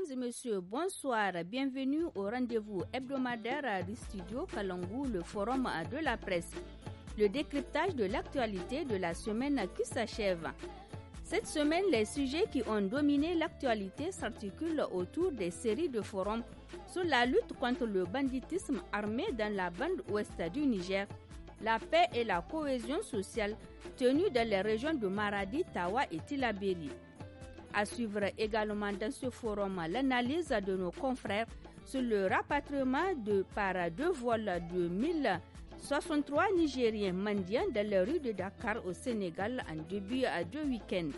Mesdames et messieurs, bonsoir. Bienvenue au rendez-vous hebdomadaire du studio Kalangou, le forum de la presse. Le décryptage de l'actualité de la semaine qui s'achève. Cette semaine, les sujets qui ont dominé l'actualité s'articulent autour des séries de forums sur la lutte contre le banditisme armé dans la bande ouest du Niger, la paix et la cohésion sociale tenue dans les régions de Maradi, Tawa et Tilaberi. À suivre également dans ce forum l'analyse de nos confrères sur le rapatriement de par deux vols de 1063 Nigériens mendiants dans la rue de Dakar au Sénégal en début à deux week-ends.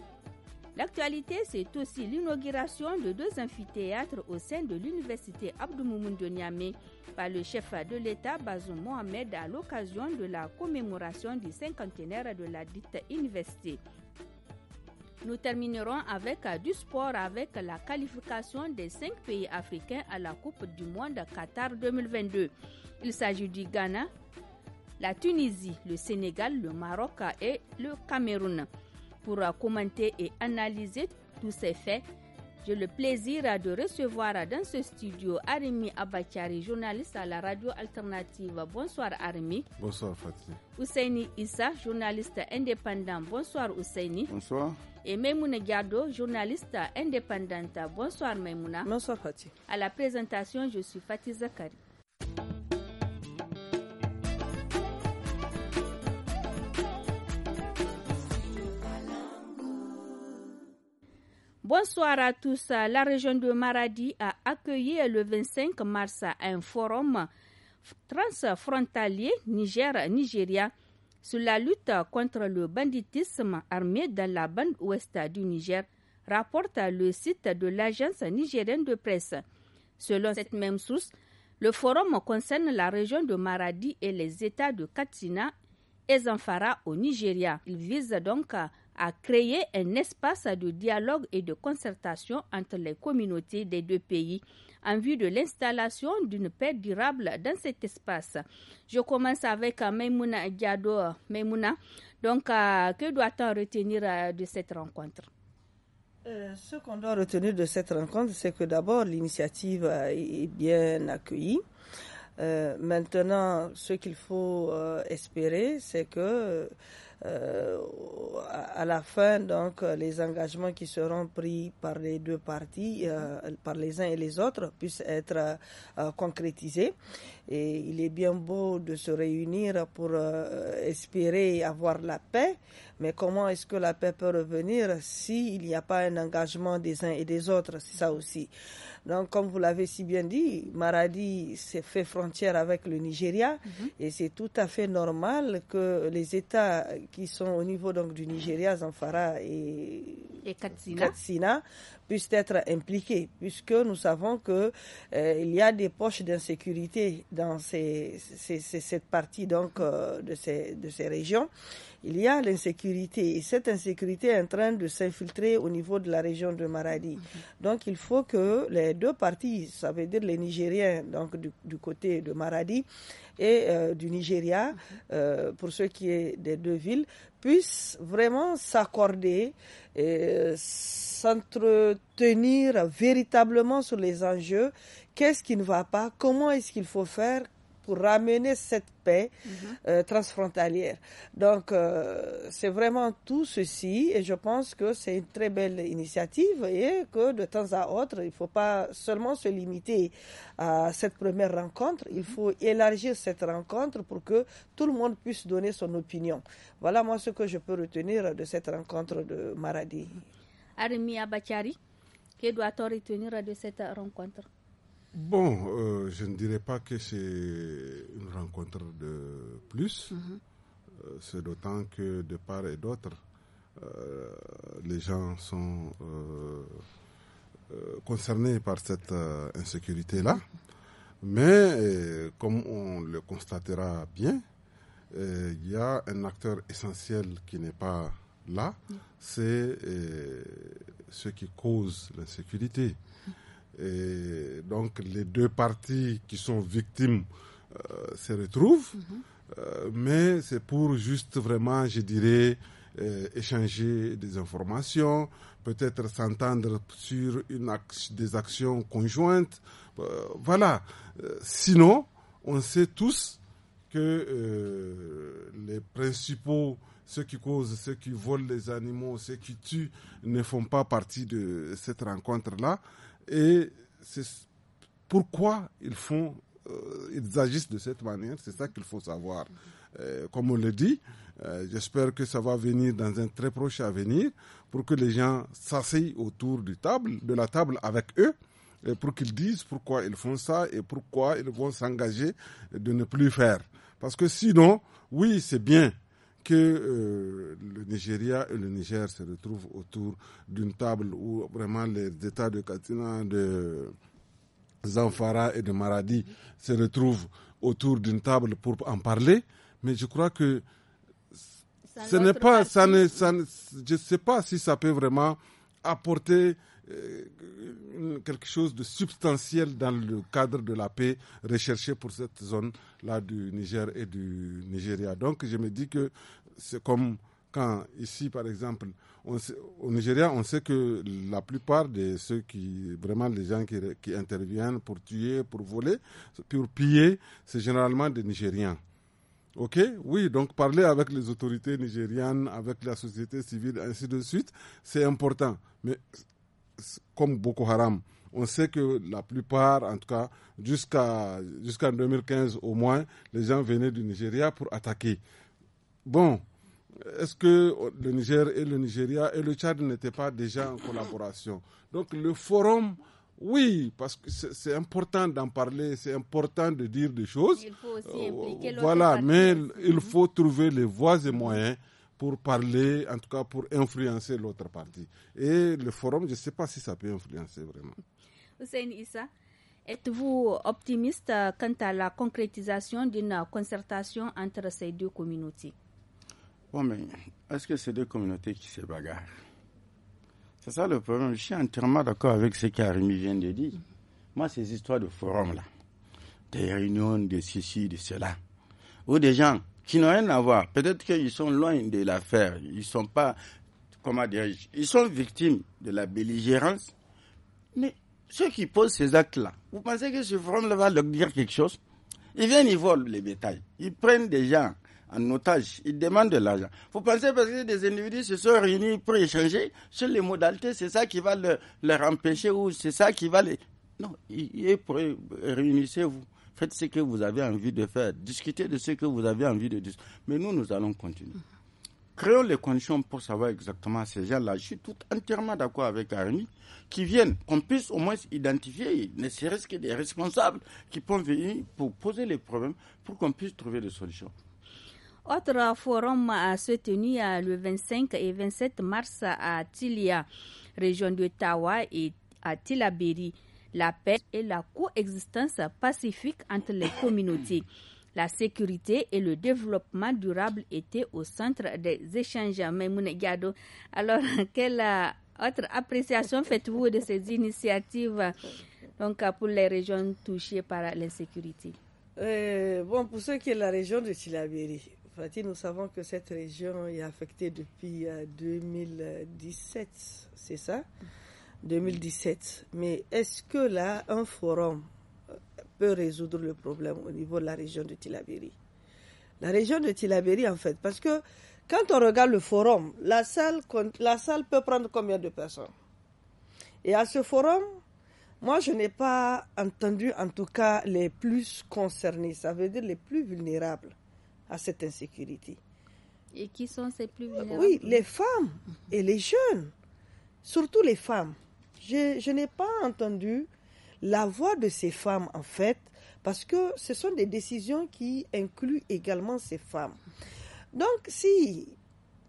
L'actualité, c'est aussi l'inauguration de deux amphithéâtres au sein de l'université Abdou de par le chef de l'État Bazoum Mohamed à l'occasion de la commémoration du cinquantenaire de la dite université. Nous terminerons avec euh, du sport avec la qualification des cinq pays africains à la Coupe du Monde Qatar 2022. Il s'agit du Ghana, la Tunisie, le Sénégal, le Maroc et le Cameroun. Pour euh, commenter et analyser tous ces faits, j'ai le plaisir euh, de recevoir dans ce studio Arimi Abachari, journaliste à la radio alternative. Bonsoir Arimi. Bonsoir Fatih. Ousseini Issa, journaliste indépendant. Bonsoir Ousseini. Bonsoir et Maimouna journaliste indépendante. Bonsoir Maimouna. Bonsoir Fatih. À la présentation, je suis Fatih Zakari. Bonsoir à tous. La région de Maradi a accueilli le 25 mars un forum transfrontalier Niger-Nigeria. niger nigéria niger sur la lutte contre le banditisme armé dans la bande ouest du Niger, rapporte le site de l'agence nigérienne de presse. Selon cette même source, le forum concerne la région de Maradi et les États de Katina et Zamfara au Nigeria. Il vise donc à créer un espace de dialogue et de concertation entre les communautés des deux pays en vue de l'installation d'une paix durable dans cet espace. Je commence avec euh, Maimouna Diado. Maimouna, donc euh, que doit-on retenir euh, de cette rencontre ce qu'on doit retenir de cette rencontre, c'est que d'abord l'initiative est bien accueillie. maintenant, ce qu'il faut espérer, c'est que euh, à la fin, donc, les engagements qui seront pris par les deux parties, euh, par les uns et les autres, puissent être euh, concrétisés. Et il est bien beau de se réunir pour euh, espérer avoir la paix, mais comment est-ce que la paix peut revenir s'il n'y a pas un engagement des uns et des autres C'est ça aussi. Donc, comme vous l'avez si bien dit, Maradi s'est fait frontière avec le Nigeria mhm. et c'est tout à fait normal que les États qui sont au niveau donc, du Nigeria, Zamfara et, et Katsina puissent être impliqués, puisque nous savons qu'il euh, y a des poches d'insécurité dans cette partie donc euh, de, ces, de ces régions. Il y a l'insécurité et cette insécurité est en train de s'infiltrer au niveau de la région de Maradi. Mhm. Donc il faut que les deux parties, ça veut dire les Nigériens donc du, côté de Maradi et euh, du Nigeria, mhm. pour ce qui est des deux villes, puisse vraiment s'accorder, et euh, s'entretenir véritablement sur les enjeux, qu'est-ce qui ne va pas, comment est-ce qu'il faut faire, pour ramener cette paix mhm. euh, transfrontalière. Donc, euh, c'est vraiment tout ceci et je pense que c'est une très belle initiative et que de temps à autre, il ne faut pas seulement se limiter à cette première rencontre, il mhm. faut élargir cette rencontre pour que tout le monde puisse donner son opinion. Voilà moi ce que je peux retenir de cette rencontre de Maradi. Arimi Abachari, que doit-on retenir de cette rencontre Bon, euh, je ne dirais pas que c'est une rencontre de plus. Mhm. Euh, c'est d'autant que de part et d'autre, euh, les gens sont concernés par cette insécurité-là. Mais comme on le constatera bien, il y a un acteur essentiel qui n'est pas là, c'est ce qui cause l'insécurité. Et donc les deux parties qui sont victimes euh, se retrouvent, mhm. euh, mais c'est pour juste vraiment, je dirais, euh, échanger des informations, peut-être s'entendre sur une des actions conjointes. voilà. sinon, on sait tous que les principaux ceux qui causent, ceux qui volent les animaux, ceux qui tuent ne font pas partie de cette rencontre-là. Et c'est pourquoi ils font, euh, ils agissent de cette manière, c'est ça qu'il faut savoir. Euh, comme on le dit, euh, j'espère que ça va venir dans un très proche avenir pour que les gens s'asseyent autour du table, de la table avec eux et pour qu'ils disent pourquoi ils font ça et pourquoi ils vont s'engager de ne plus faire. Parce que sinon, oui, c'est bien que euh, le Nigeria et le Niger se retrouvent autour d'une table où vraiment les États de Katina, de Zamfara et de Maradi se retrouvent autour d'une table pour en parler. Mais je crois que ce n'est pas, ça ne, je ne sais pas si ça peut vraiment apporter euh, quelque chose de substantiel dans le cadre de la paix recherchée pour cette zone-là du Niger et du Nigeria. Donc je me dis que c'est comme quand ici, par exemple, au Nigeria, on sait que la plupart de ceux qui, vraiment les gens qui, qui interviennent pour tuer, pour voler, pour piller, c'est généralement des Nigériens. Ok, oui, donc parler avec les autorités nigériennes, avec la société civile, ainsi de suite, c'est important. Mais comme Boko Haram. On sait que la plupart, en tout cas, jusqu'à jusqu'en 2015 au moins, les gens venaient du Nigeria pour attaquer. Bon, est-ce que le Niger et le Nigeria et le Tchad n'étaient pas déjà en collaboration Donc le forum, oui, parce que c'est important d'en parler, c'est important de dire des choses. Il faut aussi impliquer euh, Voilà, mais il faut trouver les voies et moyens pour parler, en tout cas pour influencer l'autre partie. Et le forum, je ne sais pas si ça peut influencer vraiment. Hussein Issa, êtes-vous optimiste euh, quant à la concrétisation d'une concertation entre ces deux communautés Bon, mais est-ce que ces deux communautés qui se bagarrent C'est ça le problème. Je suis entièrement d'accord avec ce qu'Arimi vient de dire. Moi, ces histoires de forum-là, des réunions, de ceci, de cela, où des gens qui n'ont rien à voir. Peut-être qu'ils sont loin de l'affaire. Ils sont pas, comment dire, ils sont victimes de la belligérance. Mais ceux qui posent ces actes-là, vous pensez que ce forum va leur dire quelque chose Ils viennent, ils volent les bétails. Ils prennent des gens en otage. Ils demandent de l'argent. Vous pensez parce que des individus se sont réunis pour échanger sur les modalités, c'est ça qui va leur, empêcher ou c'est ça qui va les... Non, Ils pour réunissez-vous. Faites ce que vous avez envie de faire. Discutez de ce que vous avez envie de dire, Mais nous, nous allons continuer. Créons les conditions pour savoir exactement ces gens-là. Je suis tout entièrement d'accord avec Armi, qui viennent, qu'on puisse au moins identifier, ne serait-ce que des responsables qui peuvent venir pour poser les problèmes, pour qu'on puisse trouver des solutions. Autre forum a se tenu euh, le 25 et 27 mars à Tilia, région de Tawa et à Tilabiri la paix et la coexistence pacifique entre les communautés. La sécurité et le développement durable étaient au centre des échanges. Mais alors quelle autre appréciation faites-vous de ces initiatives donc, pour les régions touchées par l'insécurité euh, Bon, pour ce qui est de la région de Tilabéry, nous savons que cette région est affectée depuis 2017, euh, c'est ça 2017. Mais est-ce que là, un forum euh, peut résoudre le problème au niveau de la région de Tilaberi La région de Tilaberi, en fait, parce que quand on regarde le forum, la salle, la salle peut prendre combien de personnes Et à ce forum, moi, je n'ai pas entendu, en tout cas, les plus concernés, ça veut dire les plus vulnérables à cette insécurité. Et qui sont ces plus euh, vulnérables Oui, les femmes et les jeunes, surtout les femmes. Je, n'ai pas entendu la voix de ces femmes, en fait, parce que ce sont des décisions qui incluent également ces femmes. Donc, si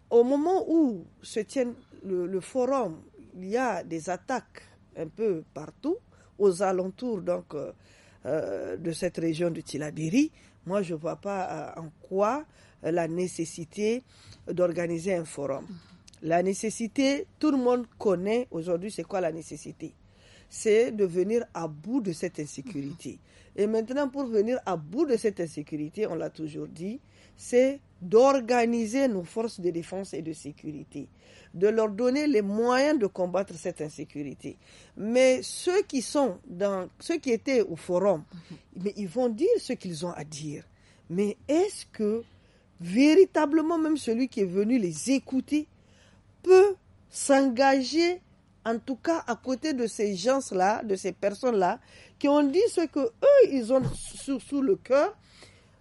au moment où se tient le, forum, il y a des attaques un peu partout, aux alentours euh, euh, de cette région de Tilabiri, moi je ne vois pas euh, en quoi la nécessité d'organiser un forum. La nécessité, tout le monde connaît aujourd'hui c'est quoi la nécessité. C'est de venir à bout de cette insécurité. Et maintenant, pour venir à bout de cette insécurité, on l'a toujours dit, c'est d'organiser nos forces de défense et de sécurité, de leur donner les moyens de combattre cette insécurité. Mais ceux qui sont dans, ceux qui étaient au forum, mais ils vont dire ce qu'ils ont à dire. Mais est-ce que véritablement même celui qui est venu les écouter peut s'engager, en tout cas à côté de ces gens-là, de ces personnes-là, qui ont dit ce que eux ils ont sous, le cœur,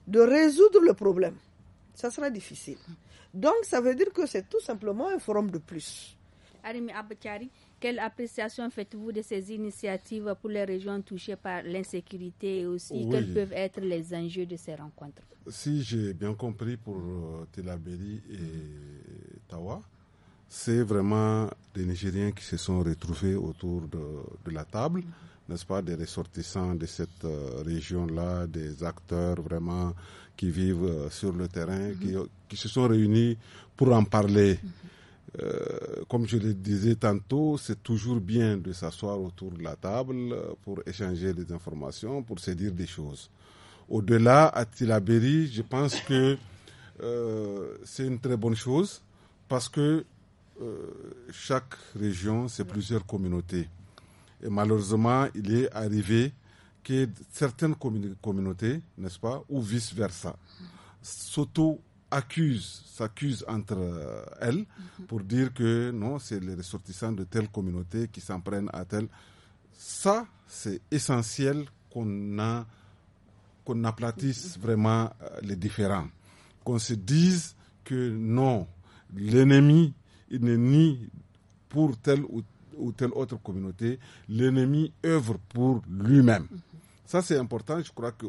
de résoudre le problème. Ça sera difficile. Donc, ça veut dire que c'est tout simplement un forum de plus. Arimi Abachari, quelle appréciation faites-vous de ces initiatives pour les régions touchées par l'insécurité et aussi quels peuvent être les enjeux de ces rencontres Si j'ai bien compris pour euh, Telaberi et Tawa, c'est vraiment des Nigériens qui se sont retrouvés autour de, la table, n'est-ce pas, des ressortissants de cette euh, région-là, des acteurs vraiment qui vivent euh, sur le terrain, mhm. qui, se sont réunis pour en parler. Mhm. Euh, comme je le disais tantôt, c'est toujours bien de s'asseoir autour de la table pour échanger des informations, pour se dire des choses. Au-delà, à Tilaberi, je pense que c'est une très bonne chose parce que euh, chaque région, c'est plusieurs communautés. Et malheureusement, il est arrivé que certaines communautés, n'est-ce pas, ou vice-versa, s'auto-accusent, s'accusent entre euh, elles mhm. pour dire que non, c'est les ressortissants de telle communauté qui s'en prennent à telle. Ça, c'est essentiel qu'on a qu'on aplatisse mhm. vraiment euh, les différents, qu'on se dise que non, l'ennemi il n'est ni pour telle ou, telle autre communauté, l'ennemi œuvre pour lui-même. Ça, c'est important, je crois que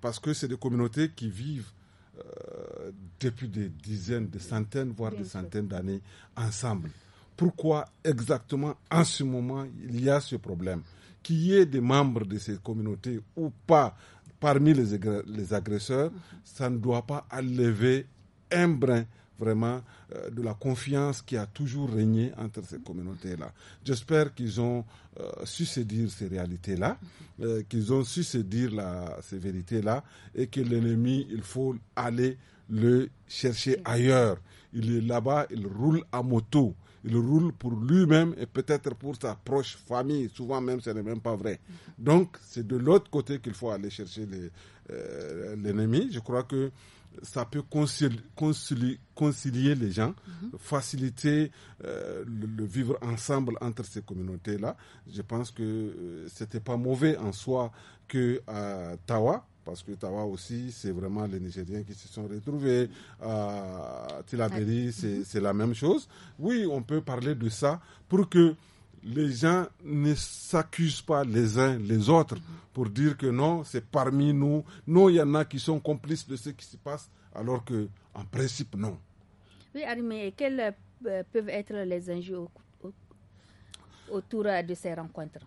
Parce que c'est des communautés qui vivent euh, depuis des dizaines, des centaines, voire des centaines d'années ensemble. Pourquoi exactement en ce moment il y a ce problème Qu'il y ait des membres de ces communautés ou pas parmi les, agresseurs, mm-hmm. ça ne doit pas enlever un brin vraiment euh, de la confiance qui a toujours régné entre ces communautés-là. J'espère qu'ils ont euh, su se dire ces réalités-là, euh, qu'ils ont su se dire la, ces vérités-là, et que l'ennemi, il faut aller le chercher ailleurs. Il est là-bas, il roule à moto. Il roule pour lui-même et peut-être pour sa proche famille. Souvent même, ce n'est même pas vrai. Mhm. Donc, c'est de l'autre côté qu'il faut aller chercher l'ennemi. Je crois que ça peut concilier, concilier, les gens, mhm. faciliter euh, le, vivre ensemble entre ces communautés-là. Je pense que ce euh, c'était pas mauvais en soi que Tawa, parce que Tawa aussi, c'est vraiment les Nigériens qui se sont retrouvés. À Tilaberi, mhm. c'est la même chose. Oui, on peut parler de ça pour que les gens ne s'accusent pas les uns les autres pour dire que non, c'est parmi nous. Non, il y en a qui sont complices de ce qui se passe, alors que en principe, non. Oui, Arimé, quels euh, peuvent être les enjeux autour de ces rencontres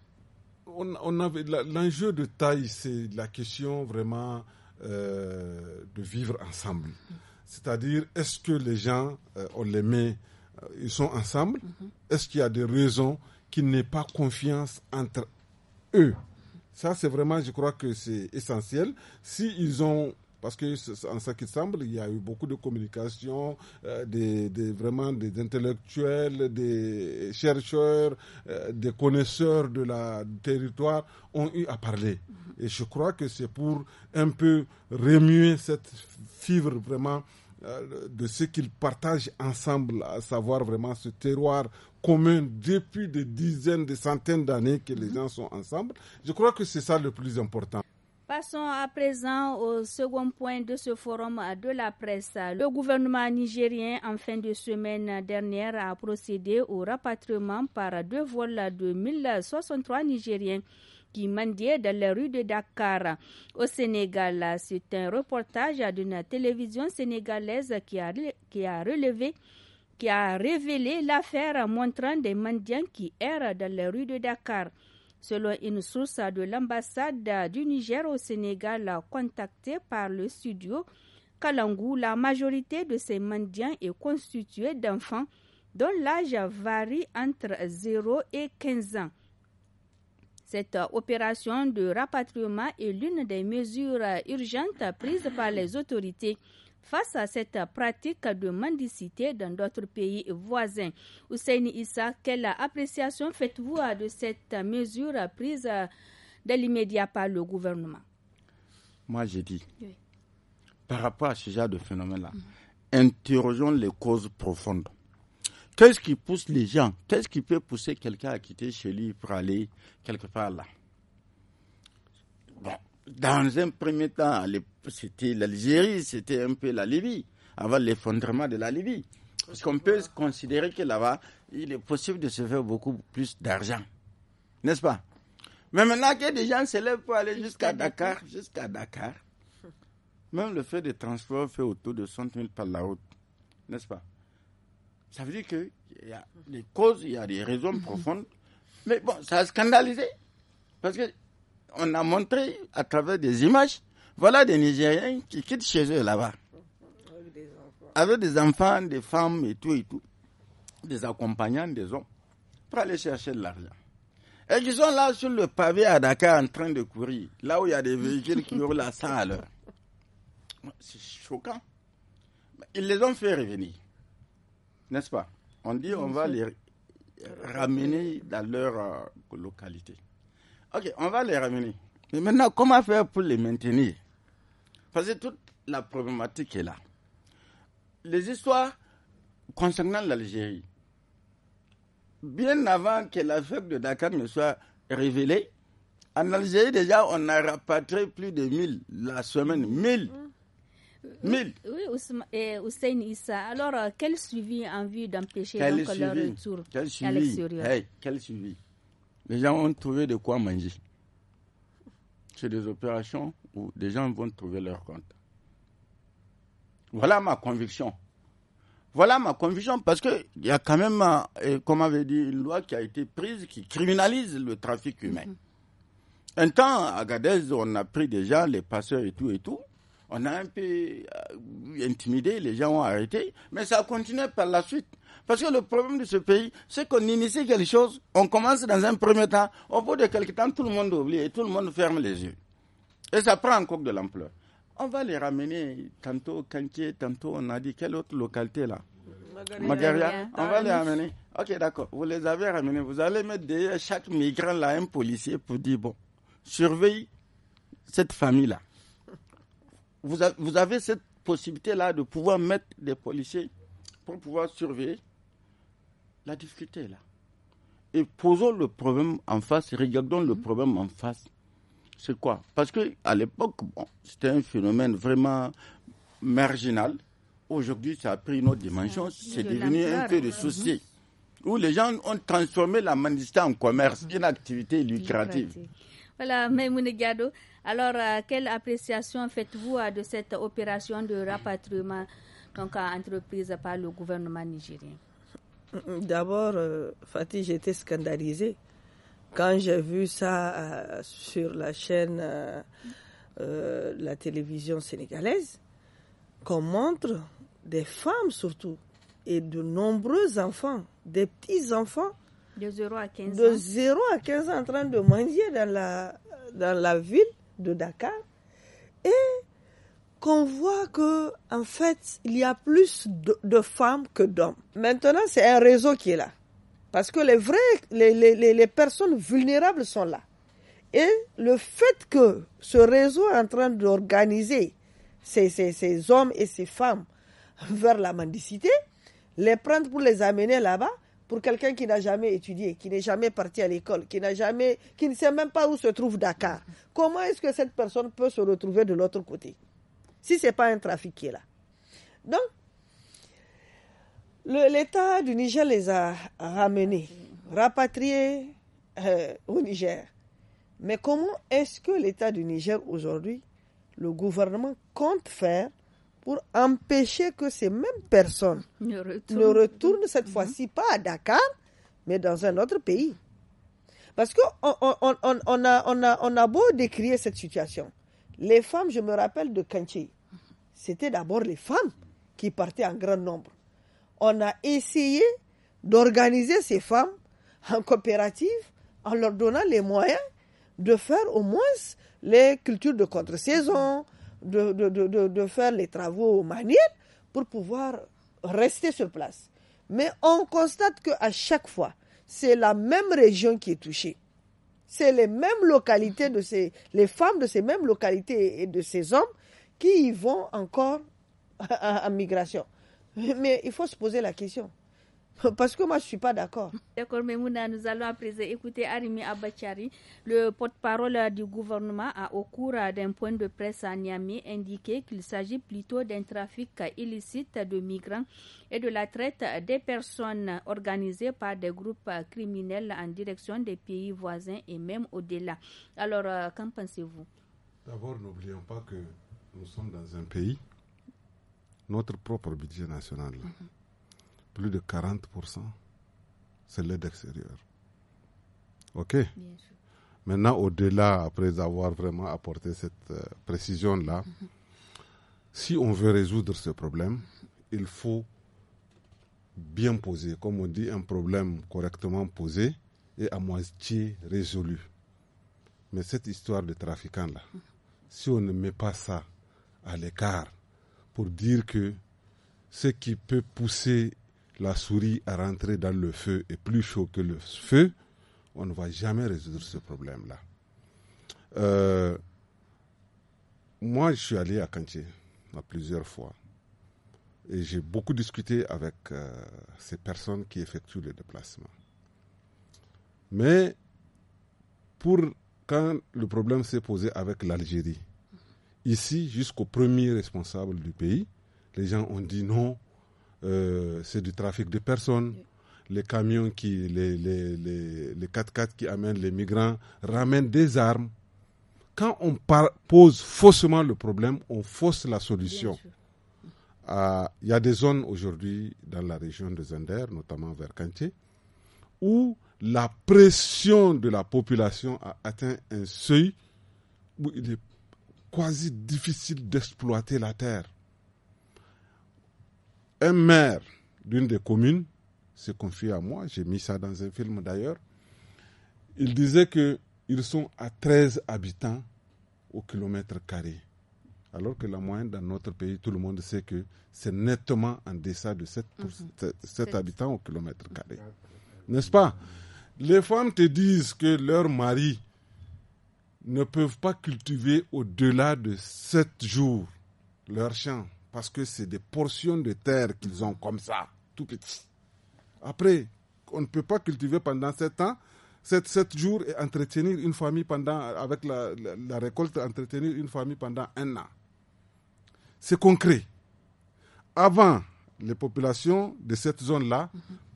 on, avait l'enjeu de taille, c'est la question vraiment euh, de vivre ensemble. C'est-à-dire, est-ce que les gens, euh, on les met, ils sont ensemble mm-hmm. Est-ce qu'il y a des raisons qu'il n'ait pas confiance entre eux. Ça, c'est vraiment, je crois que c'est essentiel. Si ils ont parce que en ce qui semble, il y a eu beaucoup de communication, euh, des, vraiment des intellectuels, des chercheurs, euh, des connaisseurs de la territoire ont eu à parler. Et je crois que c'est pour un peu remuer cette fibre vraiment euh, de ce qu'ils partagent ensemble, à savoir vraiment ce terroir commun depuis des dizaines, des centaines d'années que les gens sont ensemble. Je crois que c'est ça le plus important. Passons à présent au second point de ce forum de la presse. Le gouvernement nigérien, en fin de semaine dernière, a procédé au rapatriement par deux vols de 1063 Nigériens qui mendiaient dans les rues de Dakar. Au Sénégal, c'est un reportage d'une télévision sénégalaise qui a, qui a relevé qui a révélé l'affaire montrant des mendiants qui errent dans les rues de Dakar. Selon une source de l'ambassade du Niger au Sénégal contactée par le studio Kalangou, la majorité de ces mendiants est constituée d'enfants dont l'âge varie entre 0 et 15 ans. Cette opération de rapatriement est l'une des mesures urgentes prises par les autorités face à cette pratique de mendicité dans d'autres pays voisins. Ousseini Issa, quelle appréciation faites-vous de cette mesure prise de l'immédiat par le gouvernement Moi, j'ai dit, par rapport à ce genre de phénomène-là, interrogeons les causes profondes. Qu'est-ce qui pousse les gens Qu'est-ce qui peut pousser quelqu'un à quitter chez lui pour aller quelque part là bon, dans un premier temps, c'était l'Algérie, c'était un peu la Libye, avant l'effondrement de la Libye. Parce qu'on peut considérer que là-bas, il est possible de se faire beaucoup plus d'argent. N'est-ce pas Mais maintenant que des gens se lèvent pour aller jusqu'à Dakar, jusqu'à Dakar, même le fait de transport fait autour de 100 000 par la route. N'est-ce pas Ça veut dire qu'il y a des causes, il y a des raisons profondes. Mais bon, ça a scandalisé. Parce que on a montré à travers des images, voilà des Nigériens qui quittent chez eux là-bas. Avec, des enfants, des femmes et tout et tout. Des accompagnants, des hommes, pour aller chercher de l'argent. Et qui sont là sur le pavé à Dakar en train de courir, là où il y a des véhicules qui roulent à 100 à l'heure. C'est choquant. Ils les ont fait revenir. N'est-ce pas On dit on va les ramener dans leur euh, localité. Ok, on va les ramener. Mais maintenant, comment faire pour les maintenir Parce que toute la problématique est là. Les histoires concernant l'Algérie, bien avant que la fête de Dakar ne soit révélée, en Algérie, déjà, on a rapatrié plus de 1000 la semaine. 1000 1000 mm. Oui, Hussein Issa. Alors, euh, quel suivi en vue d'empêcher leur retour quel suivi? Quel suivi les gens ont trouvé de quoi manger. C'est des opérations où des gens vont trouver leur compte. Voilà ma conviction. Voilà ma conviction parce qu'il y a quand même, euh, comme avait dit, une loi qui a été prise qui criminalise le trafic humain. Mm-hmm. Un temps, à Gadez, on a pris des gens, les passeurs et tout et tout. On a un peu euh, intimidé, les gens ont arrêté, mais ça a continué par la suite. Parce que le problème de ce pays, c'est qu'on initie quelque chose, on commence dans un premier temps, au bout de quelques temps, tout le monde oublie et tout le monde ferme les yeux. Et ça prend encore de l'ampleur. On va les ramener tantôt Kankier, tantôt on a dit quelle autre localité là Magaria, on va les ah, ramener. Ok, d'accord. Vous les avez ramenés. Vous allez mettre derrière chaque migrant là un policier pour dire bon, surveille cette famille là. Vous, avez cette possibilité là de pouvoir mettre des policiers pour pouvoir surveiller la difficulté là. Et posons le problème en face, regardons le problème en face. C'est quoi Parce que à l'époque, c'était un phénomène vraiment marginal. Aujourd'hui, ça a pris une autre dimension. C'est devenu un peu de hein. souci. Où les gens ont transformé la mendicité en commerce, une activité lucrative. Voilà, Maimoune Gado. Alors, euh, quelle appréciation faites-vous euh, de cette opération de rapatriement donc, entreprise par le gouvernement nigérien D'abord, euh, Fatih, j'étais scandalisée. Quand j'ai vu ça euh, sur la chaîne, euh, la télévision sénégalaise, qu'on montre des femmes surtout, et de nombreux enfants, des petits-enfants, de 0 à 15 ans. De 0 à 15 en train de manger dans la, dans la ville de Dakar. Et qu'on voit que, en fait, il y a plus de, femmes que d'hommes. Maintenant, c'est un réseau qui est là. Parce que les vrais, les, personnes vulnérables sont là. Et le fait que ce réseau est en train d'organiser ces, ces, hommes et ces femmes vers la mendicité, les prendre pour les amener là-bas, pour quelqu'un qui n'a jamais étudié, qui n'est jamais parti à l'école, qui n'a jamais, qui ne sait même pas où se trouve Dakar, comment est-ce que cette personne peut se retrouver de l'autre côté si ce n'est pas un trafiqué là. Donc, l'État du Niger les a ramenés, rapatriés euh, au Niger. Mais comment est-ce que l'État du Niger aujourd'hui, le gouvernement compte faire pour empêcher que ces mêmes personnes ne retournent, cette mhm. fois-ci pas à Dakar, mais dans un autre pays Parce qu'on on, a, a beau décrire cette situation, les femmes, je me rappelle de Kanchi, c'était d'abord les femmes qui partaient en grand nombre. On a essayé d'organiser ces femmes en coopérative en leur donnant les moyens de faire au moins les cultures de contre-saison, de, de, faire les travaux manuels pour pouvoir rester sur place. Mais on constate qu'à chaque fois, c'est la même région qui est touchée c'est les mêmes localités de ces, les femmes de ces mêmes localités et de ces hommes qui y vont encore en migration. Mais il faut se poser la question. Parce que moi, je ne suis pas d'accord. D'accord, Memouna, nous allons à présent écouter Arimi Abachari, le porte-parole du gouvernement, a, au cours euh, d'un point de presse à Niamey, indiqué qu'il s'agit plutôt d'un trafic illicite de migrants et de la traite des personnes organisées par des groupes criminels en direction des pays voisins et même au-delà. Alors, euh, qu'en pensez-vous D'abord, n'oublions pas que nous sommes dans un pays, notre propre budget national. Mm-hmm plus de 40%, c'est l'aide extérieure. OK Maintenant, au-delà, après avoir vraiment apporté cette euh, précision-là, mm-hmm. si on veut résoudre ce problème, il faut bien poser, comme on dit, un problème correctement posé et à moitié résolu. Mais cette histoire de trafiquants-là, mm-hmm. si on ne met pas ça à l'écart pour dire que ce qui peut pousser la souris à rentrer dans le feu est plus chaud que le feu, on ne va jamais résoudre ce problème-là. Euh, moi, je suis allé à Kantier plusieurs fois et j'ai beaucoup discuté avec euh, ces personnes qui effectuent les déplacements Mais pour quand le problème s'est posé avec l'Algérie, ici, jusqu'au premier responsable du pays, les gens ont dit non, euh, c'est du trafic de personnes. Les camions qui, les, les, 4x4 qui amènent les migrants ramènent des armes. Quand on pose faussement le problème, on fausse la solution. Ah, il y a des zones aujourd'hui dans la région de Zender, notamment vers Kanté, où la pression de la population a atteint un seuil où il est quasi difficile d'exploiter la terre un maire d'une des communes s'est confié à moi, j'ai mis ça dans un film d'ailleurs, il disait qu'ils sont à 13 habitants au kilomètre carré. Alors que la moyenne dans notre pays, tout le monde sait que c'est nettement en deçà de 7, mhm. habitants au kilomètre carré. N'est-ce pas Les femmes te disent que leurs maris ne peuvent pas cultiver au-delà de 7 jours leur champ parce que c'est des portions de terre qu'ils ont comme ça, tout petit. Après, on ne peut pas cultiver pendant sept ans, sept, sept jours et entretenir une famille pendant, avec la, récolte, entretenir une famille pendant un an. C'est concret. Avant, les populations de cette zone-là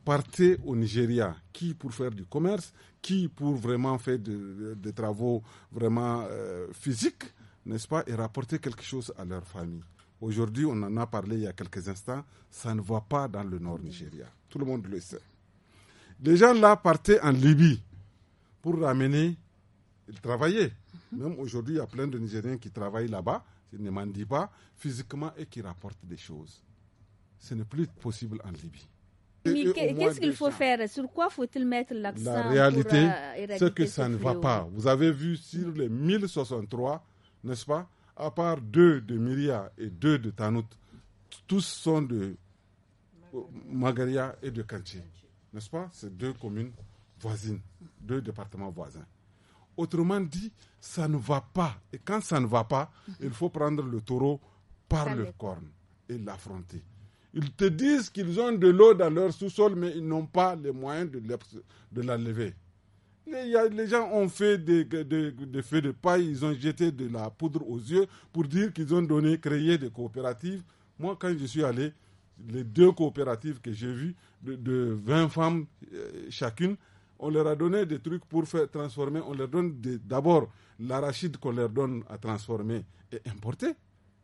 partaient au Nigeria, qui pour faire du commerce, qui pour vraiment faire des travaux vraiment euh, physiques, n'est-ce pas, et rapporter quelque chose à leur famille. Aujourd'hui, on en a parlé il y a quelques instants, ça ne va pas dans le nord Nigeria. Tout le monde le sait. Les gens là partaient en Libye pour ramener, ils travaillaient. Même aujourd'hui, il y a plein de Nigériens qui travaillent là-bas, ils ne m'en disent pas physiquement et qui rapportent des choses. Ce n'est plus possible en Libye. Qu'est-ce qu'il faut faire Sur quoi faut-il mettre l'accent La réalité, euh, c'est que ça ne va pas. Vous avez vu sur les 1063, n'est-ce pas à part deux de Myria et deux de Tanout, tous sont de Magaria et de Kanchi. N'est-ce pas C'est deux communes voisines, deux départements voisins. Autrement dit, ça ne va pas. Et quand ça ne va pas, il faut prendre le taureau par le corne et l'affronter. Ils te disent qu'ils ont de l'eau dans leur sous-sol, mais ils n'ont pas les moyens de la lever. Les, gens ont fait des, feux de paille, ils ont jeté de la poudre aux yeux pour dire qu'ils ont donné, créé des coopératives. Moi, quand je suis allé, les deux coopératives que j'ai vues, de, 20 femmes euh, chacune, on leur a donné des trucs pour faire transformer. On leur donne d'abord l'arachide qu'on leur donne à transformer et importer,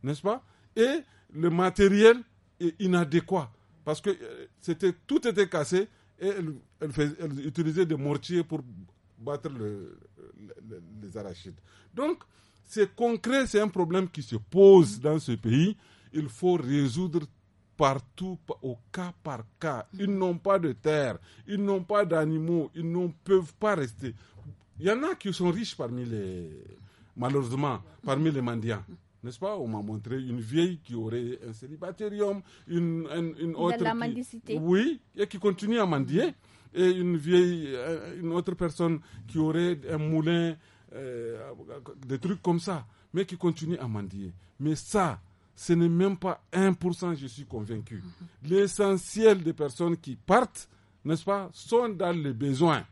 n'est-ce pas Et le matériel est inadéquat parce que euh, c'était tout était cassé et elle elles, utilisaient des mortiers pour battre les arachides. Donc, c'est concret, c'est un problème qui se pose dans ce pays. Il faut résoudre partout au cas par cas. Ils mhm. n'ont pas de terre, ils n'ont pas d'animaux, ils ne peuvent pas rester. Il y en a qui sont riches parmi les, malheureusement, parmi les mendiants. N'est-ce pas On m'a montré une vieille qui aurait un célibatérium, une, une, autre... De la mendicité. Qui, oui, et qui continue à mendier et une vieille, euh, une autre personne qui aurait un moulin, euh, des trucs comme ça, mais qui continue à mendier. Mais ça, ce n'est même pas 1%, je suis convaincu. Mhm. L'essentiel des personnes qui partent, n'est-ce pas, sont dans les besoins.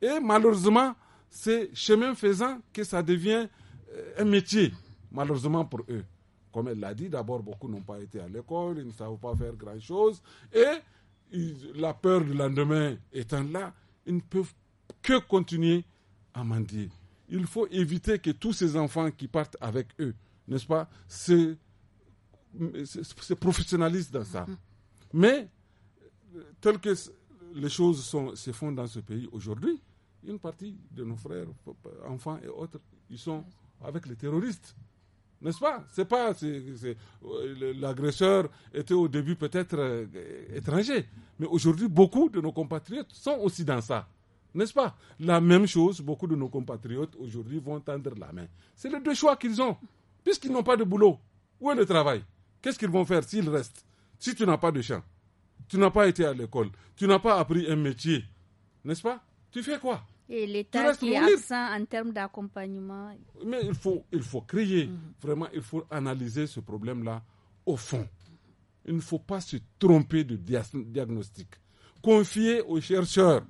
Et malheureusement, c'est chemin faisant que ça devient euh, un métier, malheureusement pour eux. Comme elle l'a dit, d'abord, beaucoup n'ont pas été à l'école, ils ne savent pas faire grand-chose. Et la peur du lendemain étant là, ils ne peuvent que continuer à mendier. Il faut éviter que tous ces enfants qui partent avec eux, n'est-ce pas, se, professionnalisent dans ça. Mais, tel que les choses se font dans ce pays aujourd'hui, une partie de nos frères, enfants et autres, ils sont avec les terroristes. N'est-ce pas C'est pas euh, l'agresseur était au début peut-être euh, étranger, mais aujourd'hui beaucoup de nos compatriotes sont aussi dans ça. N'est-ce pas La même chose, beaucoup de nos compatriotes aujourd'hui vont tendre la main. C'est les deux choix qu'ils ont. Puisqu'ils n'ont pas de boulot, où est le travail Qu'est-ce qu'ils vont faire s'ils restent Si tu n'as pas de champ, tu n'as pas été à l'école, tu n'as pas appris un métier, n'est-ce pas Tu fais quoi et l'État qui est absent en termes d'accompagnement. Mais il faut, il faut créer, mhm. vraiment, il faut analyser ce problème-là au fond. Il ne faut pas se tromper de diagnostic. Confier aux chercheurs,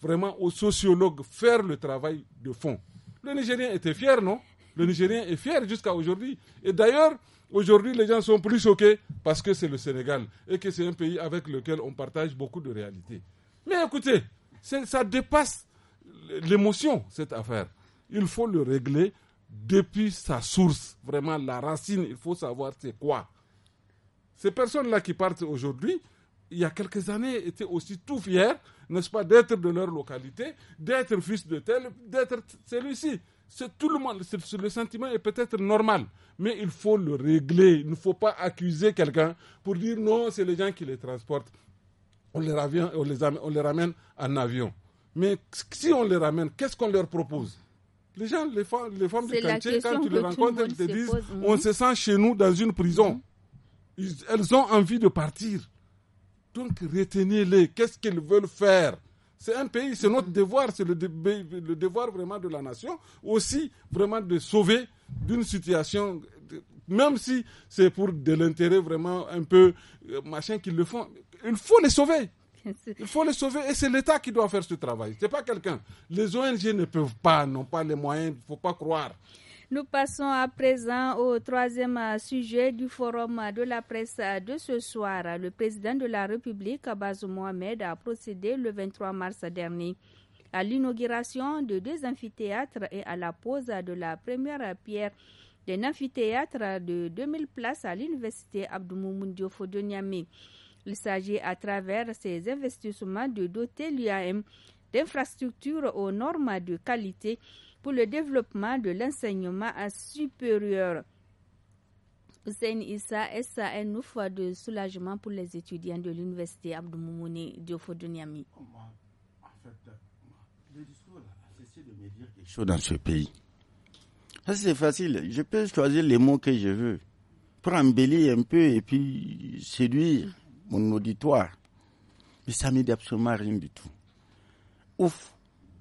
vraiment aux sociologues, faire le travail de fond. Le Nigérien était fier, non Le Nigérien est fier jusqu'à aujourd'hui. Et d'ailleurs, aujourd'hui, les gens sont plus choqués parce que c'est le Sénégal et que c'est un pays avec lequel on partage beaucoup de réalités. Mais écoutez, ça dépasse l'émotion, cette affaire. Il faut le régler depuis sa source, vraiment la racine, il faut savoir c'est quoi. Ces personnes-là qui partent aujourd'hui, il y a quelques années, étaient aussi tout fiers, n'est-ce pas, d'être de leur localité, d'être fils de tel, d'être celui-ci. C'est tout le monde, le sentiment est peut-être normal, mais il faut le régler. Il ne faut pas accuser quelqu'un pour dire non, c'est les gens qui les transportent. On les, on les ramène en avion. Mais si on les ramène, qu'est-ce qu'on leur propose Les gens, les, femmes, les du quartier, quand tu les rencontres, elles te disent on se sent chez nous dans une prison. elles ont envie de partir. Donc retenez-les. Qu'est-ce qu'elles veulent faire c'est un pays, c'est notre devoir, c'est le, devoir vraiment de la nation, aussi vraiment de sauver d'une situation, même si c'est pour de l'intérêt vraiment un peu euh, machin qu'ils le font, il faut les sauver. Il faut les sauver et c'est l'État qui doit faire ce travail. Ce n'est pas quelqu'un. Les ONG ne peuvent pas, n'ont pas les moyens, il ne faut pas croire. Nous passons à présent au troisième euh, sujet du forum euh, de la presse euh, de ce soir. Le président de la République, Abbas Mohamed, a procédé le 23 mars dernier à l'inauguration de deux amphithéâtres et à la pose de la première pierre d'un amphithéâtre de 2000 places à l'université Abdou Dioufo de il s'agit à travers ces investissements de doter l'UAM d'infrastructures aux normes de qualité pour le développement de l'enseignement supérieur. Hussein Issa, de soulagement pour les étudiants de l'université Abdou Moumouni oh, En fait, le discours a cessé de me dire quelque chose dans ce pays. Ça, c'est facile. Je peux choisir les mots que je veux pour embellir un peu et puis séduire mon auditoire. Mais ça ne absolument rien du tout. Ouf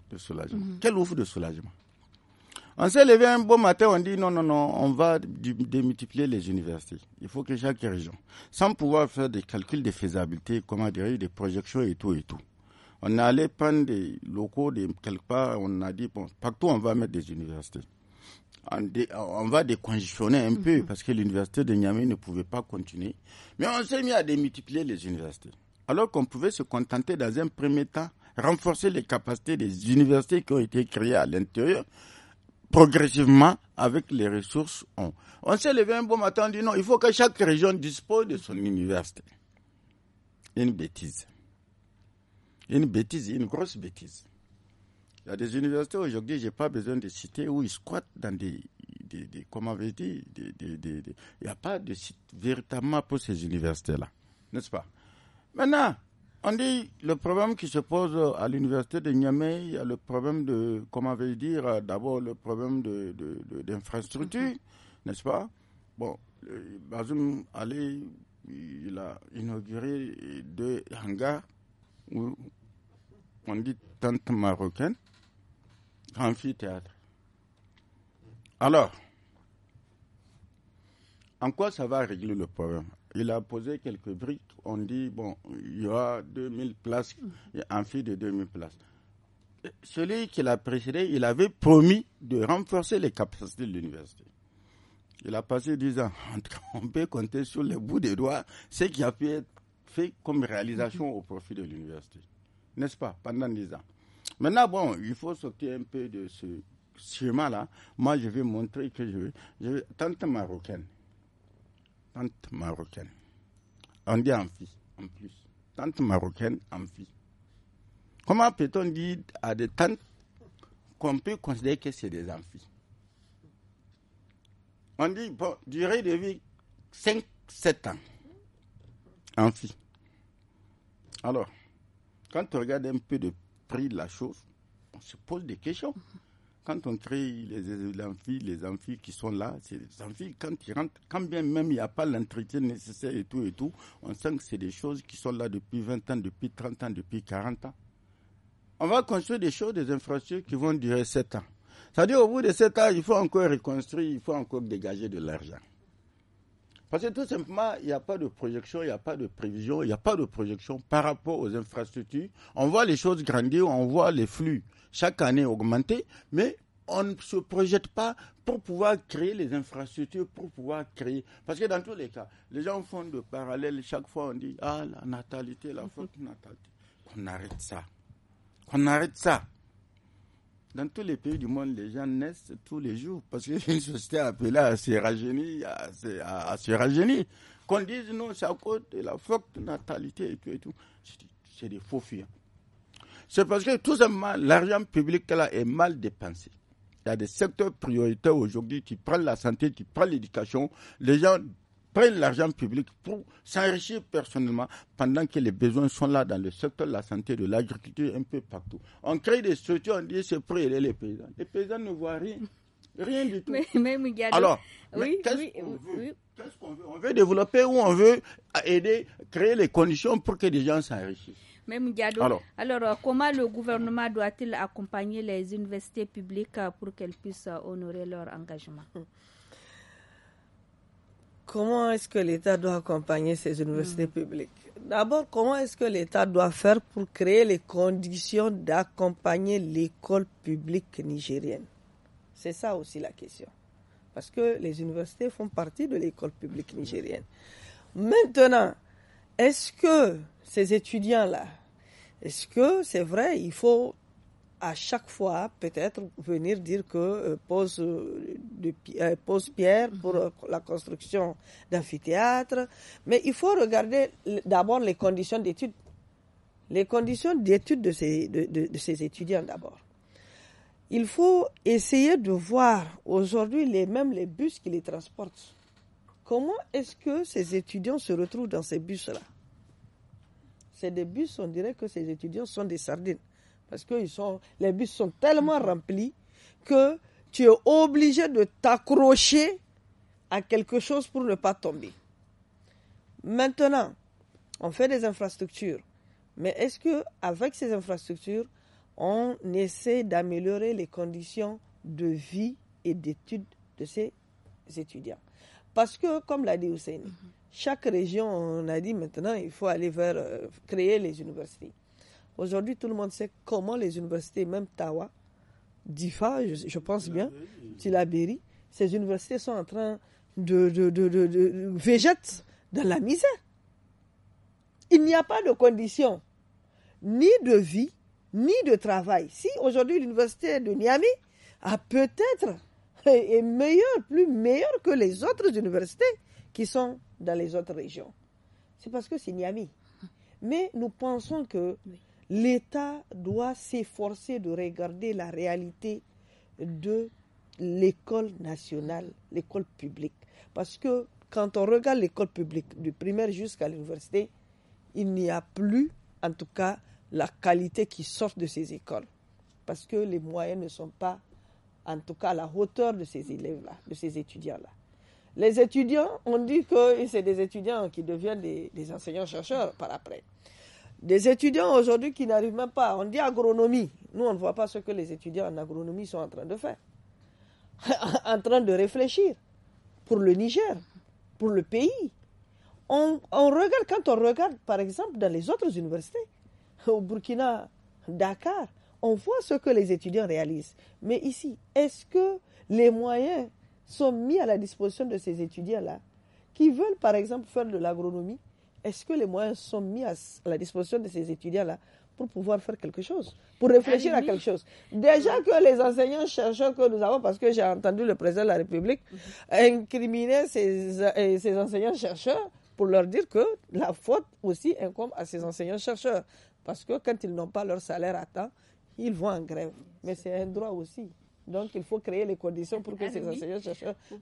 de soulagement. Mhm. Quel ouf de soulagement. On s'est levé un beau matin, on dit non, non, non, on va démultiplier les universités. Il faut que chaque région, sans pouvoir faire des calculs de faisabilité, comment dire, des projections et tout et tout. On est allé prendre des locaux de quelque part, on a dit, partout on va mettre des universités on, on va décongestionner un peu mhm. parce que l'université de Niamey ne pouvait pas continuer. Mais on s'est mis à démultiplier les universités. Alors qu'on pouvait se contenter dans un premier temps, renforcer les capacités des universités qui ont été créées à l'intérieur, progressivement avec les ressources. On, on s'est levé un bon matin, on dit non, il faut que chaque région dispose de son université. Une bêtise. Une bêtise, une grosse bêtise. Il y a des universités aujourd'hui, je n'ai pas besoin de citer, où ils squattent dans des, des, des comment vais dit, des, il n'y a pas de site véritablement pour ces universités-là, n'est-ce pas Maintenant, on dit le problème qui se pose à l'université de Niamey, il y a le problème de, comment vais-je dire, d'abord le problème d'infrastructure, de, de, d'infrastructure, mm-hmm. n'est-ce pas Bon, Bazoum il a inauguré deux hangars où on dit tente marocaine, amphithéâtre. Alors, en quoi ça va régler le problème Il a posé quelques briques. On dit, bon, il y aura 2000 places, un fil de 2000 places. Celui qui l'a précédé, il avait promis de renforcer les capacités de l'université. Il a passé 10 ans. On peut compter sur le bout des doigts ce qui a pu être fait comme réalisation au profit de l'université. N'est-ce pas Pendant 10 ans. Maintenant, bon, il faut sortir un peu de ce schéma-là. Moi, je vais montrer que je, je tante marocaine. Tante marocaine. On dit en en plus. Tante marocaine, en Comment peut-on dire à des tantes qu'on peut considérer que c'est des amphis On dit, bon, durée de vie 5-7 ans. Amphi. Alors, quand on regarde un peu de pris la chose, on se pose des questions. Quand on crée les, les amphis, les amphis qui sont là, c'est les amphis, quand ils rentrent, quand bien même il n'y a pas l'entretien nécessaire et tout et tout, on sent que c'est des choses qui sont là depuis 20 ans, depuis 30 ans, depuis 40 ans. On va construire des choses, des infrastructures qui vont durer 7 ans. C'est-à-dire, au bout de 7 ans, il faut encore reconstruire, il faut encore dégager de l'argent. Parce que tout simplement, il n'y a pas de projection, il n'y a pas de prévision, il n'y a pas de projection par rapport aux infrastructures. On voit les choses grandir, on voit les flux chaque année augmenter, mais on ne se projette pas pour pouvoir créer les infrastructures, pour pouvoir créer. Parce que dans tous les cas, les gens font de parallèles. Chaque fois, on dit Ah, la natalité, la mm-hmm. faute natalité. Qu'on arrête ça. Qu'on arrête ça. Dans tous les pays du monde, les gens naissent tous les jours parce qu'il y a une société appelée à se rajeunir, Qu'on dise non, c'est à cause de la forte natalité et tout et tout. C'est des faux fuyants. C'est parce que tout simplement, l'argent public là est mal dépensé. Il y a des secteurs prioritaires aujourd'hui. qui prennent la santé, qui prends l'éducation. Les gens l'argent public pour s'enrichir personnellement pendant que les besoins sont là dans le secteur de la santé, de l'agriculture, un peu partout. On crée des structures, on dit c'est pour aider les paysans. Les paysans ne voient rien. Rien du tout. Alors, qu'est-ce qu'on veut, On veut développer ou on veut aider, créer les conditions pour que les gens s'enrichissent. alors, euh, comment le gouvernement doit-il accompagner les universités publiques euh, pour qu'elles puissent euh, honorer leur engagement hum comment est-ce que l'État doit accompagner ces universités hmm. publiques D'abord, comment est-ce que l'État doit faire pour créer les conditions d'accompagner l'école publique nigérienne C'est ça aussi la question. Parce que les universités font partie de l'école publique nigérienne. Maintenant, est-ce que ces étudiants-là, est-ce que c'est vrai, il faut à chaque fois peut-être venir dire que euh, pose, euh, de, euh, pose pierre pour, mhm. la construction d'amphithéâtre. Mais il faut regarder d'abord les conditions d'études. Les conditions d'études de ces, de, de, ces étudiants d'abord. Il faut essayer de voir aujourd'hui les, mêmes les bus qui les transportent. Comment est-ce que ces étudiants se retrouvent dans ces bus-là C'est des bus, on dirait que ces étudiants sont des sardines. Parce que les bus sont tellement remplis que tu es obligé de t'accrocher à quelque chose pour ne pas tomber. Maintenant, on fait des infrastructures. Mais est-ce que avec ces infrastructures, on essaie d'améliorer les conditions de vie et d'études de ces étudiants Parce que, comme l'a dit Hussein, mhm. chaque région, on a dit maintenant, il faut aller vers euh, créer les universités. Aujourd'hui, tout le monde sait comment les universités, même Tawa, Difa, je, pense bien, Tilaberi, ces universités sont en train de, de, de, dans la misère. Il n'y a pas de conditions, ni de vie, ni de travail. Si aujourd'hui l'université de Niamey a peut-être est meilleure, plus meilleure que les autres universités qui sont dans les autres régions. C'est parce que c'est Niamey. Mais nous pensons que l'État doit s'efforcer de regarder la réalité de l'école nationale, l'école publique. Parce que quand on regarde l'école publique, du primaire jusqu'à l'université, il n'y a plus, en tout cas, la qualité qui sort de ces écoles. Parce que les moyens ne sont pas, en tout cas, à la hauteur de ces élèves-là, de ces étudiants-là. Les étudiants, on dit que c'est des étudiants qui deviennent des, des enseignants-chercheurs par après. Des étudiants aujourd'hui qui n'arrivent même pas, on dit agronomie. Nous, on ne voit pas ce que les étudiants en agronomie sont en train de faire. en train de réfléchir pour le Niger, pour le pays. on, regarde, quand on regarde, par exemple, dans les autres universités, au Burkina, Dakar, on voit ce que les étudiants réalisent. Mais ici, est-ce que les moyens sont mis à la disposition de ces étudiants-là qui veulent, par exemple, faire de l'agronomie est-ce que les moyens sont mis à la disposition de ces étudiants-là pour pouvoir faire quelque chose, pour réfléchir à quelque chose. Déjà que les enseignants chercheurs que nous avons, parce que j'ai entendu le président de la République mhm. incriminer ces, euh, enseignants chercheurs pour leur dire que la faute aussi incombe à ces enseignants chercheurs, parce que quand ils n'ont pas leur salaire à temps, ils vont en grève. Mais c'est un droit aussi. Donc, il faut créer les conditions pour que ah ces enseignants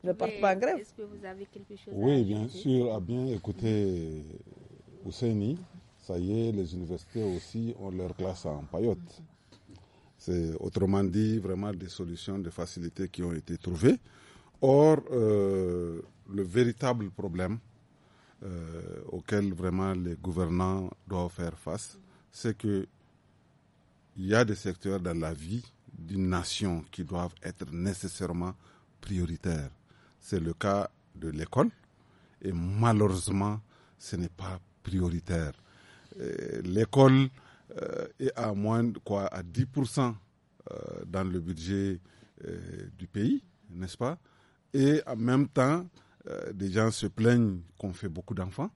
ne partent pas en grève. Est-ce que vous avez quelque chose Oui, bien sûr. À bien écouter euh, Ousseini, ça y est, les universités aussi ont leur classe en paillote. C'est autrement dit vraiment des solutions de facilités qui ont été trouvées. Or, euh, le véritable problème euh, auquel vraiment les gouvernants doivent faire face, c'est que il y a des secteurs dans la vie d'une nation qui doivent être nécessairement prioritaires. C'est le cas de l'école et malheureusement, ce n'est pas prioritaire. Euh, l'école euh, est à moins de quoi à 10% euh, dans le budget du pays, n'est-ce pas Et en même temps, des gens se plaignent qu'on fait beaucoup d'enfants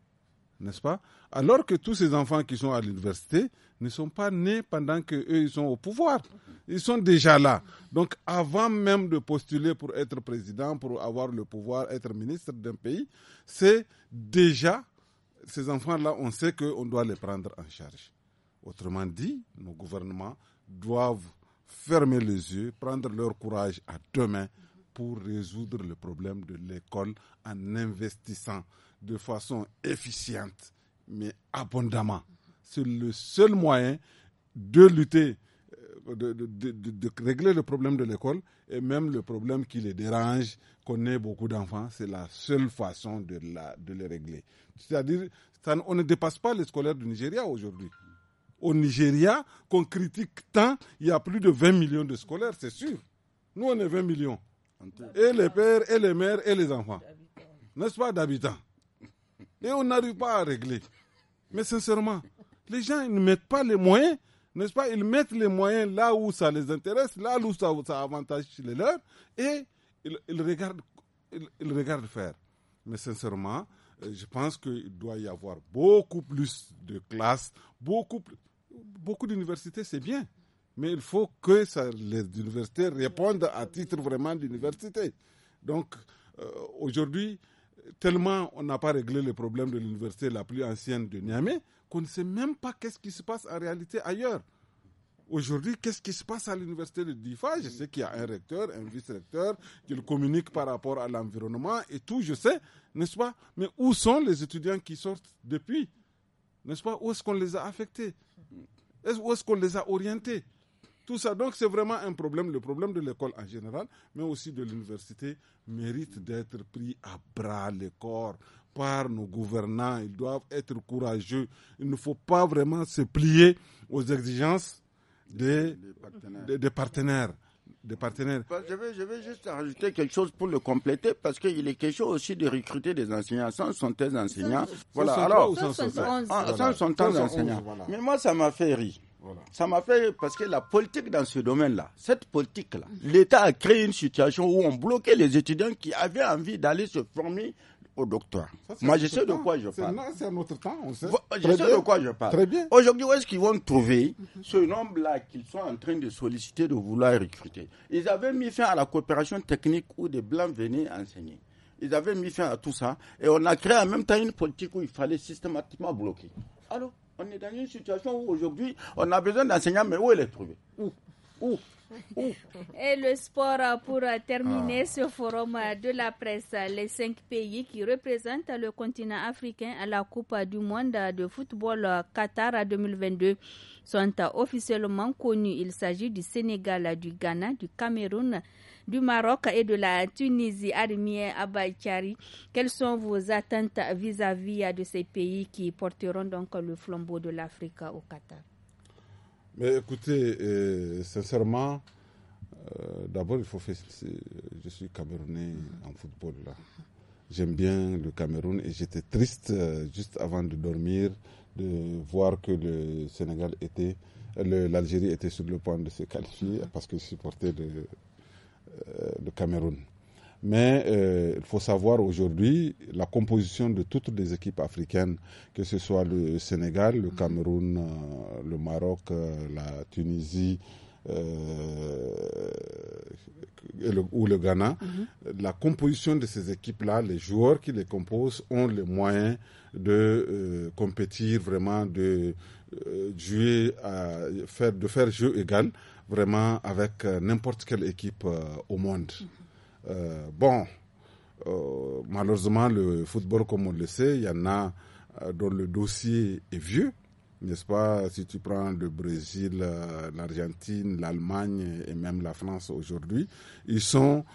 n'est-ce pas Alors que tous ces enfants qui sont à l'université ne sont pas nés pendant qu'eux, ils sont au pouvoir. Ils sont déjà là. Donc, avant même de postuler pour être président, pour avoir le pouvoir, être ministre d'un pays, c'est déjà, ces enfants-là, on sait qu'on doit les prendre en charge. Autrement dit, nos gouvernements doivent fermer les yeux, prendre leur courage à deux mains pour résoudre le problème de l'école en investissant de façon efficiente, mais abondamment. C'est le seul moyen de lutter, euh, de, régler le problème de l'école et même le problème qui les dérange, qu'on ait beaucoup d'enfants, c'est la seule façon de, la, de les régler. C'est-à-dire, on ne dépasse pas les scolaires du Nigeria aujourd'hui au Nigeria qu'on critique tant, il y a plus de 20 millions de scolaires, c'est sûr. Nous, on est 20 millions. Et les pères, et les mères, et les enfants. N'est-ce pas, d'habitants et on n'arrive pas à régler. Mais sincèrement, les gens ils ne mettent pas les moyens, n'est-ce pas Ils mettent les moyens là où ça les intéresse, là où ça, avantage les leurs, et ils, regardent, faire. Mais sincèrement, euh, je pense qu'il doit y avoir beaucoup plus de classes, beaucoup, beaucoup d'universités, c'est bien. Mais il faut que ça, les universités répondent à titre vraiment d'université. Donc, euh, aujourd'hui, tellement on n'a pas réglé le problème de l'université la plus ancienne de Niamey qu'on ne sait même pas qu'est-ce qui se passe en réalité ailleurs. Aujourd'hui, qu'est-ce qui se passe à l'université de Difa Je sais qu'il y a un recteur, un vice-recteur, qu'il communique par rapport à l'environnement et tout, je sais, n'est-ce pas Mais où sont les étudiants qui sortent depuis N'est-ce pas Où est-ce qu'on les a affectés Où est-ce qu'on les a orientés tout ça. Donc c'est vraiment un problème, le problème de l'école en général, mais aussi de l'université mérite d'être pris à bras le corps par nos gouvernants. Ils doivent être courageux. Il ne faut pas vraiment se plier aux exigences des, partenaires. Des, partenaires. Bah, je, vais, juste ajouter quelque chose pour le compléter parce qu'il est question aussi de recruter des enseignants, 170 ah, enseignants. Voilà, alors. enseignants. Mais moi, ça m'a fait rire. Ça m'a fait parce que la politique dans ce domaine-là, cette politique-là, l'État a créé une situation où on bloquait les étudiants qui avaient envie d'aller se former au doctorat. Moi, je sais de quoi je parle. C'est notre temps, on sait. Je sais de quoi je parle. Très bien. Aujourd'hui, où est-ce qu'ils vont trouver ce nombre-là qu'ils sont en train de solliciter, de vouloir recruter Ils avaient mis fin à la coopération technique où des Blancs venaient enseigner. Ils avaient mis fin à tout ça et on a créé en même temps une politique où il fallait systématiquement bloquer. Allô on est dans une situation où aujourd'hui, on a besoin d'enseignants, mais où les trouver Où Où Et le sport euh, pour euh, terminer ah. ce forum euh, de la presse. Les cinq pays qui représentent le continent africain à la Coupe du monde de football Qatar 2022 sont officiellement connus. Il s'agit du Sénégal, du Ghana, du Cameroun, du Maroc et de la Tunisie, Admien Abakari. Quelles sont vos attentes vis-à-vis de ces pays qui porteront donc le flambeau de l'Afrique au Qatar Mais Écoutez, euh, sincèrement, euh, d'abord, il faut faire. Je suis Camerounais en football là. J'aime bien le Cameroun et j'étais triste euh, juste avant de dormir de voir que le Sénégal était, l'Algérie était sur le point de se qualifier parce que je supportais le, euh, le Cameroun. Mais euh, il faut savoir aujourd'hui la composition de toutes les équipes africaines, que ce soit le Sénégal, le mhm. Cameroun, euh, le Maroc, la Tunisie ou le Ghana. Mhm. La composition de ces équipes-là, les joueurs qui les composent ont les moyens de compétir vraiment, de à, faire, de faire jeu égal vraiment avec euh, n'importe quelle équipe euh, au monde. Mhm. Euh, bon, malheureusement, le football, comme on le sait, il y en a dont le dossier est vieux n'est-ce pas Si tu prends le Brésil, l'Argentine, l'Allemagne et même la France aujourd'hui, ils sont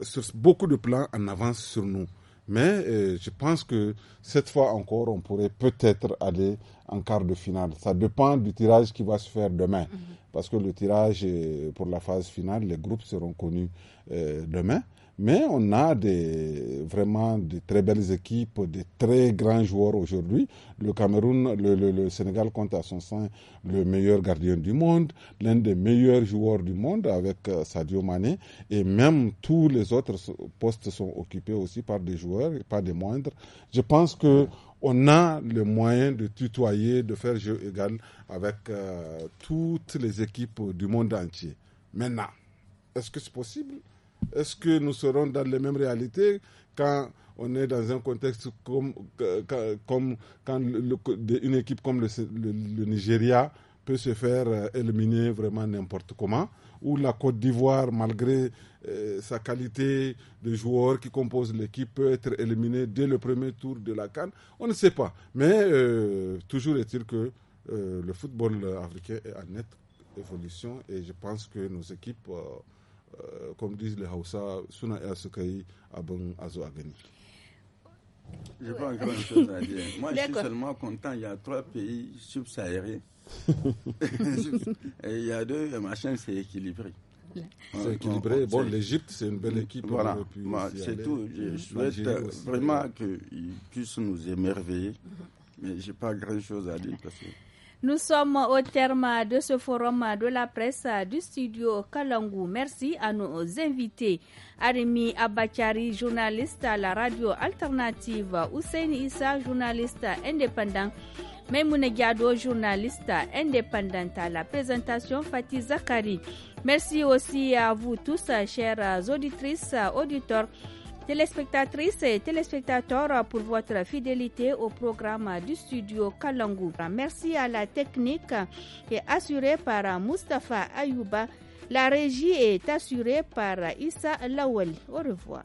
sur beaucoup de plans en avance sur nous. Mais euh, je pense que cette fois encore, on pourrait peut-être aller en quart de finale. Ça dépend du tirage qui va se faire demain. Mhm. Parce que le tirage euh, pour la phase finale, les groupes seront connus euh, demain. Mais on a des, vraiment de très belles équipes, de très grands joueurs aujourd'hui. Le Cameroun, le, Sénégal compte à son sein le meilleur gardien du monde, l'un des meilleurs joueurs du monde avec euh, Sadio Mané. Et même tous les autres postes sont occupés aussi par des joueurs, pas des moindres. Je pense que on a le moyen de tutoyer, de faire jeu égal avec euh, toutes les équipes du monde entier. Maintenant, est-ce que c'est possible est-ce que nous serons dans les mêmes réalités quand on est dans un contexte comme, comme quand une équipe comme le, Nigeria peut se faire euh, éliminer vraiment n'importe comment, ou la Côte d'Ivoire, malgré euh, sa qualité de joueur qui compose l'équipe, peut être éliminée dès le premier tour de la Cannes. On ne sait pas. Mais euh, toujours est-il que le football africain est en nette évolution et je pense que nos équipes... Euh, comme disent les Hausa, suna et Asukai, Abon Azo Agani. Je n'ai pas grand chose à dire. Moi, je suis seulement content. Il y a trois pays subsahariens. Et il y a deux machin, c'est équilibré. C'est équilibré. Bon, l'Égypte, c'est une belle équipe. Voilà. C'est tout. Je souhaite vraiment qu'ils puissent nous émerveiller. Mais je n'ai pas grand chose à dire parce que. Nous sommes au terme de ce forum de la presse du studio Kalangu. Merci à nos invités. Arimi Abakari, journaliste à la radio alternative. Hussein Issa, journaliste indépendant. Memounegado, journaliste indépendant à la présentation Fatih Zakari. Merci aussi à vous tous, chères auditrices, auditeurs. Téléspectatrices et téléspectateurs, pour votre fidélité au programme du studio Kalangu. Merci à la technique et assurée par Mustafa Ayouba. La régie est assurée par Issa Lawali. Au revoir.